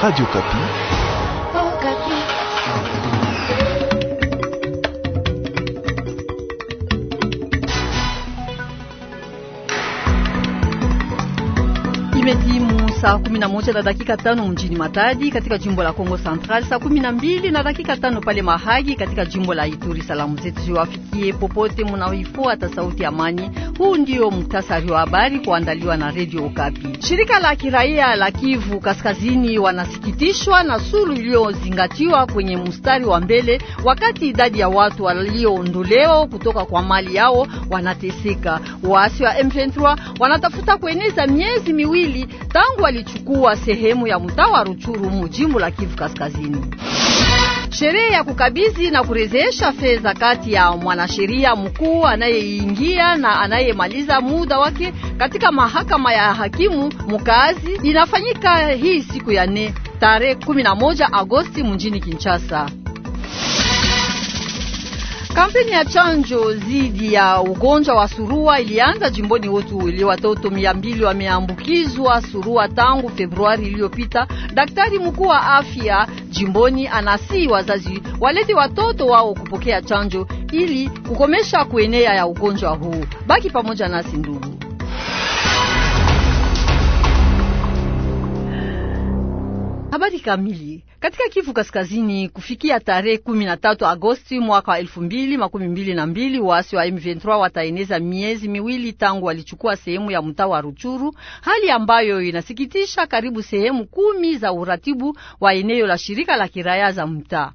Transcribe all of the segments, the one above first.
Radio Kapi. Oh, Kapi. Il m'a dit saa 11 na dakika tano mjini Matadi katika jimbo la Kongo Central, saa 12 na dakika tano pale Mahagi katika jimbo la Ituri. Salamu zetu ziwafikie popote munaoifuata sauti amani. Huu ndio muktasari wa habari kuandaliwa na Radio Okapi. Shirika la kiraia la Kivu Kaskazini wanasikitishwa na sulu iliyozingatiwa kwenye mstari wa mbele, wakati idadi ya watu walioondolewa kutoka kwa mali yao wanateseka. Waasi wa M23 wanatafuta kueneza miezi miwili tangu walichukua sehemu ya mtaa wa Ruchuru mjimbo la Kivu Kaskazini. Sherehe ya kukabidhi na kurejesha fedha kati ya mwanasheria mkuu anayeingia na anayemaliza muda wake katika mahakama ya hakimu mkazi inafanyika hii siku ya nne tarehe 11 Agosti mjini Kinshasa. Kampeni ya chanjo dhidi ya ugonjwa wa surua ilianza jimboni wetu ili watoto mia mbili wameambukizwa surua tangu Februari iliyopita. Daktari mkuu wa afya jimboni anasi wazazi walete watoto wao kupokea chanjo ili kukomesha kuenea ya ugonjwa huu. Baki pamoja nasi ndugu. Habari kamili katika Kivu Kaskazini, kufikia tarehe 13 Agosti mwaka wa 2022 waasi wa M23 wataeneza miezi miwili tangu walichukua sehemu ya mtaa wa Ruchuru, hali ambayo inasikitisha karibu sehemu kumi za uratibu wa eneo la shirika la kiraya za mtaa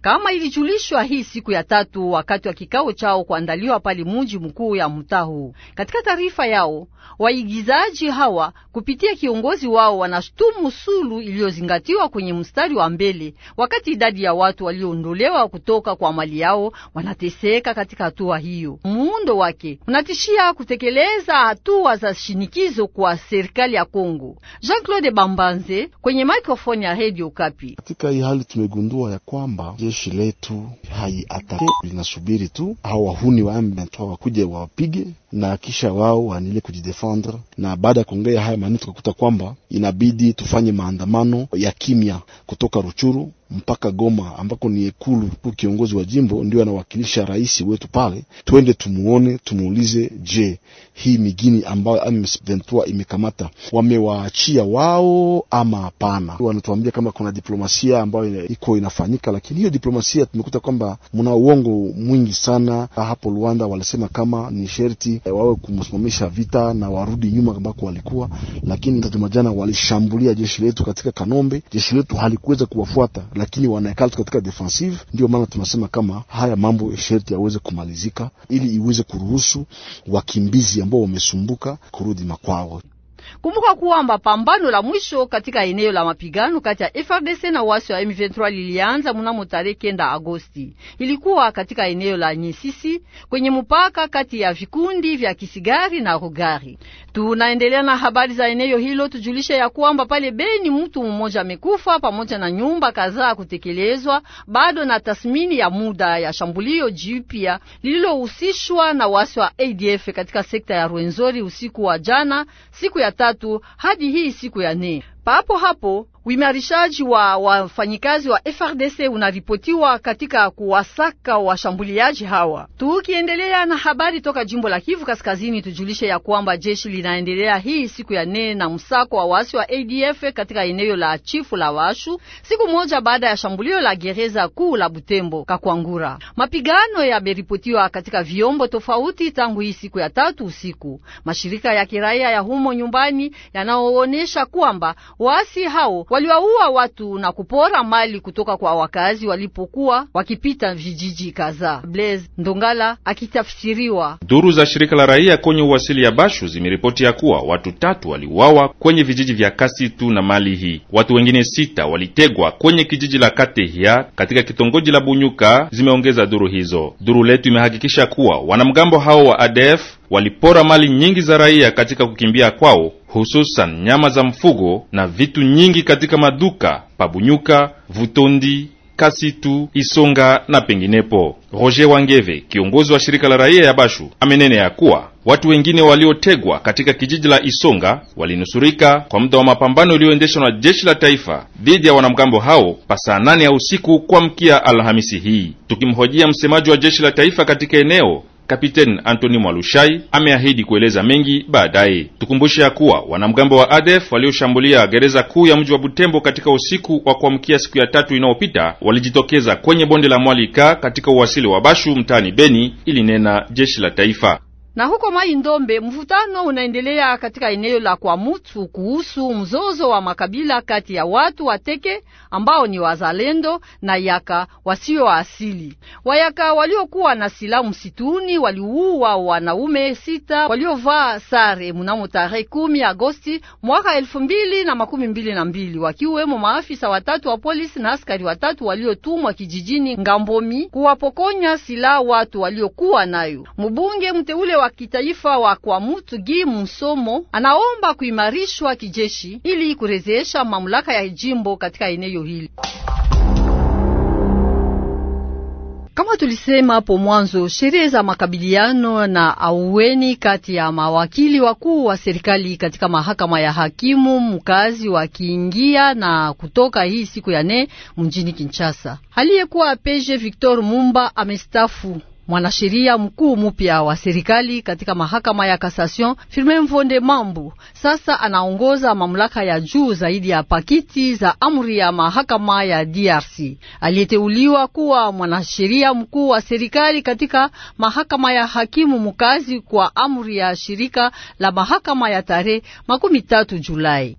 kama ilijulishwa hii siku ya tatu wakati wa kikao chao kuandaliwa pale muji mkuu ya Mutahu. Katika taarifa yao, waigizaji hawa kupitia kiongozi wao wanashtumu sulu iliyozingatiwa kwenye mstari wa mbele, wakati idadi ya watu walioondolewa kutoka kwa mali yao wanateseka. Katika hatua hiyo, muundo wake unatishia kutekeleza hatua za shinikizo kwa serikali ya Kongo. Jean-Claude Bambanze kwenye maikrofoni ya Radio Kapi. Katika hii hali tumegundua ya kwamba jeshi letu haiatake, linasubiri tu hao wahuni wa M23 wakuje wawapige na kisha wao waendelee kujidefendre. Na baada ya kuongea haya maneno, tukakuta kwamba inabidi tufanye maandamano ya kimya kutoka Ruchuru mpaka Goma ambako ni ekulu ku kiongozi wa jimbo ndio anawakilisha rais wetu pale. Twende tumuone, tumuulize, je, hii migini ambayo M23 imekamata wamewaachia wao ama hapana? Wanatuambia kama kuna diplomasia ambayo iko inafanyika, lakini hiyo diplomasia tumekuta kwamba mna uongo mwingi sana. Hapo Rwanda walisema kama ni sherti eh, wawe kumsimamisha vita na warudi nyuma ambako walikuwa, lakini jumajana walishambulia jeshi letu katika Kanombe. Jeshi letu halikuweza kuwafuata lakini wanaekala katika defensive. Ndio maana tunasema kama haya mambo sherti yaweze kumalizika, ili iweze kuruhusu wakimbizi ambao wamesumbuka kurudi makwao. Kumbuka kuwamba pambano la mwisho katika eneo la mapigano kati ya FRDC na wasi wa M23 lilianza mnamo tarehe kenda Agosti. Ilikuwa katika eneo la Nyesisi kwenye mpaka kati ya vikundi vya Kisigari na Rugari. Tunaendelea na habari za eneo hilo, tujulishe ya kuwamba pale Beni mtu mmoja amekufa pamoja na nyumba kadhaa kutekelezwa bado na tasmini ya muda ya shambulio jipya lililohusishwa na wasi wa ADF katika sekta ya Rwenzori usiku wa jana siku ya tatu hadi hii siku ya nne. Papo hapo Uimarishaji wa wafanyikazi wa FRDC unaripotiwa katika kuwasaka washambuliaji hawa. Tukiendelea na habari toka jimbo la Kivu Kaskazini, tujulishe ya kwamba jeshi linaendelea hii siku ya nne na msako wa waasi wa ADF katika eneo la Chifu la Washu, siku moja baada ya shambulio la gereza kuu la Butembo Kakwangura. Mapigano yameripotiwa katika vyombo tofauti tangu hii siku ya tatu usiku. Mashirika ya kiraia ya humo nyumbani yanaoonyesha kwamba waasi hao waliwaua watu na kupora mali kutoka kwa wakazi walipokuwa wakipita vijiji kadhaa. Blaise Ndongala akitafsiriwa. Duru za shirika la raia kwenye uwasili ya Bashu zimeripoti ya kuwa watu tatu waliuawa kwenye vijiji vya Kasitu na mali hii, watu wengine sita walitegwa kwenye kijiji la Katehia katika kitongoji la Bunyuka, zimeongeza duru hizo. Duru letu imehakikisha kuwa wanamgambo hao wa ADF walipora mali nyingi za raia katika kukimbia kwao hususan nyama za mfugo na vitu nyingi katika maduka Pabunyuka, Vutondi, Kasitu, Isonga na penginepo. Roger Wangeve, kiongozi wa shirika la raia ya Bashu, amenene ya kuwa watu wengine waliotegwa katika kijiji la Isonga walinusurika kwa muda wa mapambano yaliyoendeshwa na jeshi la taifa dhidi ya wanamgambo hao pasaa nane ya usiku mkia Alhamisi hii. Tukimhojia msemaji wa jeshi la taifa katika eneo Kapiteni Anthony Mwalushai ameahidi kueleza mengi baadaye. Tukumbushe ya kuwa wanamgambo wa ADF walioshambulia gereza kuu ya mji wa Butembo katika usiku wa kuamkia siku ya tatu inayopita walijitokeza kwenye bonde la Mwalika katika uwasili wa Bashu mtaani Beni, ilinena jeshi la taifa. Na huko Mai Ndombe, mvutano unaendelea katika eneo la mutu kuhusu mzozo wa makabila kati ya watu Wateke ambao ni wazalendo na Yaka wasio wa asili. Wayaka waliokuwa na silaha msituni waliua wanaume sita waliovaa sare mnamo tarehe kumi Agosti mwaka elfu mbili na makumi mbili na mbili wakiwemo maafisa watatu wa polisi na askari watatu waliotumwa kijijini Ngambomi kuwapokonya silaha watu waliokuwa nayo. Mbunge mteule wa kitaifa wa kwa wa Gi Musomo anaomba kuimarishwa kijeshi ili kurejesha mamlaka ya jimbo katika eneo hili. Kama tulisema hapo mwanzo, sherehe za makabiliano na aueni kati ya mawakili wakuu wa serikali katika mahakama ya hakimu mkazi wakiingia na kutoka hii siku ya nne mjini Kinshasa. Aliyekuwa peje Victor Mumba amestafu mwanasheria mkuu mpya wa serikali katika mahakama ya Cassation Firme Mvonde Mambu sasa anaongoza mamlaka ya juu zaidi ya pakiti za amri ya mahakama ya DRC. Aliyeteuliwa kuwa mwanasheria mkuu wa serikali katika mahakama ya hakimu mkazi kwa amri ya shirika la mahakama ya tarehe makumi tatu Julai.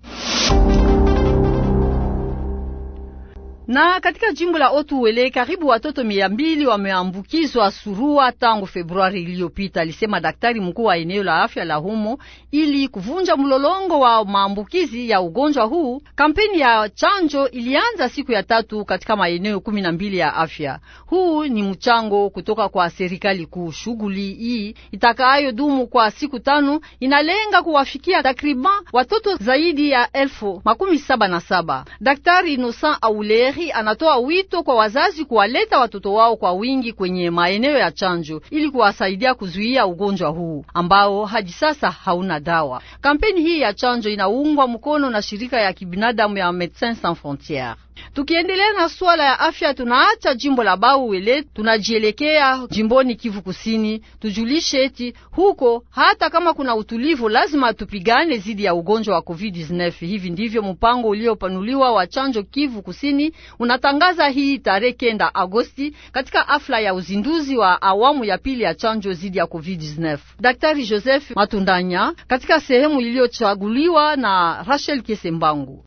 Na katika jimbo la Otuwele karibu watoto mia mbili wameambukizwa surua tangu Februari iliyopita, alisema daktari mkuu wa eneo la afya la humo. Ili kuvunja mlolongo wa maambukizi ya ugonjwa huu, kampeni ya chanjo ilianza siku ya tatu katika maeneo kumi na mbili ya afya. Huu ni mchango kutoka kwa serikali kuu. Shughuli hii itakayodumu kwa siku tano inalenga kuwafikia takriban watoto zaidi ya elfu makumi saba na saba. Daktari Innocent Auleri Daktari anatoa wito kwa wazazi kuwaleta watoto wao kwa wingi kwenye maeneo ya chanjo ili kuwasaidia kuzuia ugonjwa huu ambao hadi sasa hauna dawa. Kampeni hii ya chanjo inaungwa mkono na shirika ya kibinadamu ya Medecins Sans Frontieres. Tukiendelea na swala ya afya, tunaacha jimbo la Bauwele, tunajielekea jimboni Kivu Kusini. Tujulishe eti huko, hata kama kuna utulivu, lazima tupigane zidi ya ugonjwa wa COVID-19. Hivi ndivyo mpango uliopanuliwa wa chanjo Kivu Kusini unatangaza hii tarehe kenda Agosti katika afla ya uzinduzi wa awamu ya pili ya chanjo zidi ya COVID-19. Daktari Joseph Matundanya katika sehemu iliyochaguliwa na Rachel Kesembangu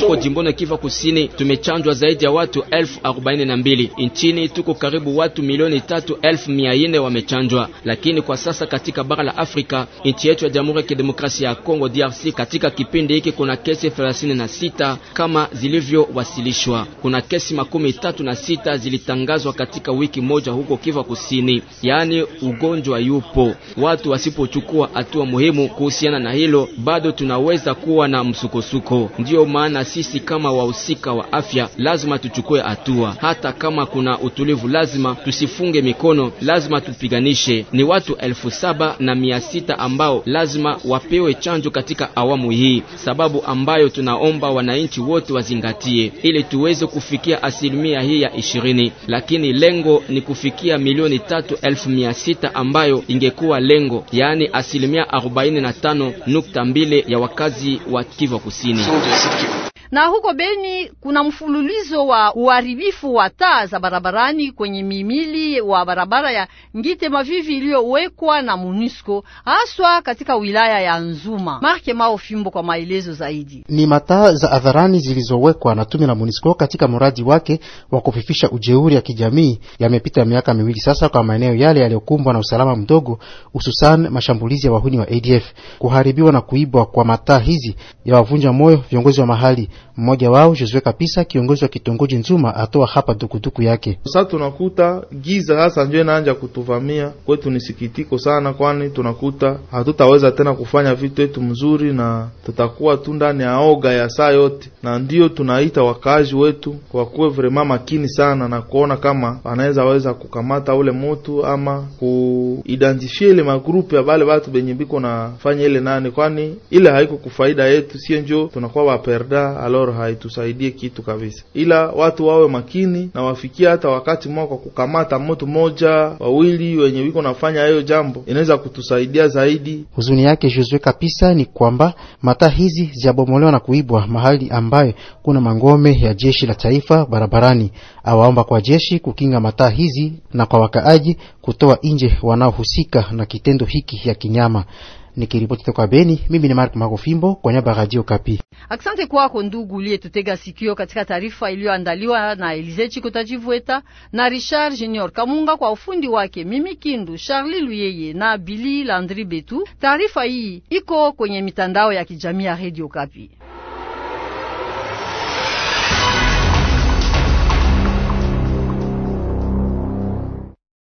huko jimboni Kivu Kusini nchini tumechanjwa zaidi ya watu elfu arobaini na mbili nchini. Tuko karibu watu milioni tatu elfu mia nne wamechanjwa, lakini kwa sasa katika bara la Afrika, nchi yetu ya Jamhuri ya Kidemokrasia ya Kongo DRC, katika kipindi hiki kuna kesi thelathini na sita kama zilivyowasilishwa. Kuna kesi makumi tatu na sita zilitangazwa katika wiki moja huko kiva Kusini, yaani ugonjwa yupo. Watu wasipochukua hatua muhimu kuhusiana na hilo, bado tunaweza kuwa na msukosuko. Ndiyo maana sisi kama wahusika uhakika wa afya, lazima tuchukue hatua. Hata kama kuna utulivu, lazima tusifunge mikono, lazima tupiganishe. Ni watu elfu saba na mia sita ambao lazima wapewe chanjo katika awamu hii, sababu ambayo tunaomba wananchi wote wazingatie ili tuweze kufikia asilimia hii ya ishirini, lakini lengo ni kufikia milioni tatu elfu mia sita ambayo ingekuwa lengo, yaani asilimia arobaini na tano nukta mbili ya wakazi wa Kivu Kusini. Na huko Beni kuna mfululizo wa uharibifu wa taa za barabarani kwenye mimili wa barabara ya Ngite Mavivi iliyowekwa na MONUSCO haswa katika wilaya ya Nzuma. Marke Mao Fimbo kwa maelezo zaidi. Ni mataa za hadharani zilizowekwa na tume la MONUSCO katika mradi wake wa kufifisha ujeuri ya kijamii yamepita miaka miwili sasa kwa maeneo yale yaliyokumbwa na usalama mdogo, hususan mashambulizi ya wahuni wa ADF. Kuharibiwa na kuibwa kwa mataa hizi ya wavunja moyo viongozi wa mahali mmoja wao Josue Kapisa, kiongozi wa kitongoji Nzuma, atoa hapa dukuduku yake. Sasa tunakuta giza sasa njo inaanja kutuvamia kwetu, ni sikitiko sana, kwani tunakuta hatutaweza tena kufanya vitu yetu mzuri, na tutakuwa tu ndani ya oga ya saa yote, na ndiyo tunaita wakazi wetu wakuwe vrema makini sana na kuona kama wanaweza weza kukamata ule mutu ama kuidentifie ile magrupu ya bale batu benye biko nafanya ile nani, kwani ile haiko kufaida yetu, sie njo tunakuwa waperda alors haitusaidie kitu kabisa, ila watu wawe makini na wafikie hata wakati mwa kwa kukamata moto moja wawili wenye wiko nafanya hayo jambo, inaweza kutusaidia zaidi. Huzuni yake Josue kabisa ni kwamba mataa hizi ziabomolewa na kuibwa mahali ambaye kuna mangome ya jeshi la taifa barabarani. Awaomba kwa jeshi kukinga mataa hizi na kwa wakaaji kutoa nje wanaohusika na kitendo hiki ya kinyama. Nikiripoti toka Beni, mimi ni Mark Magofimbo kwa niaba ya Radio Kapi. Asante kwako ndugu uliyetutega sikio katika taarifa iliyoandaliwa na Elize Chikotajivueta na Richard Junior Kamunga kwa ufundi wake. Mimi Kindu Charlie Luyeye na Billy Landri Betu. Taarifa hii iko kwenye mitandao ya kijamii ya Radio Kapi.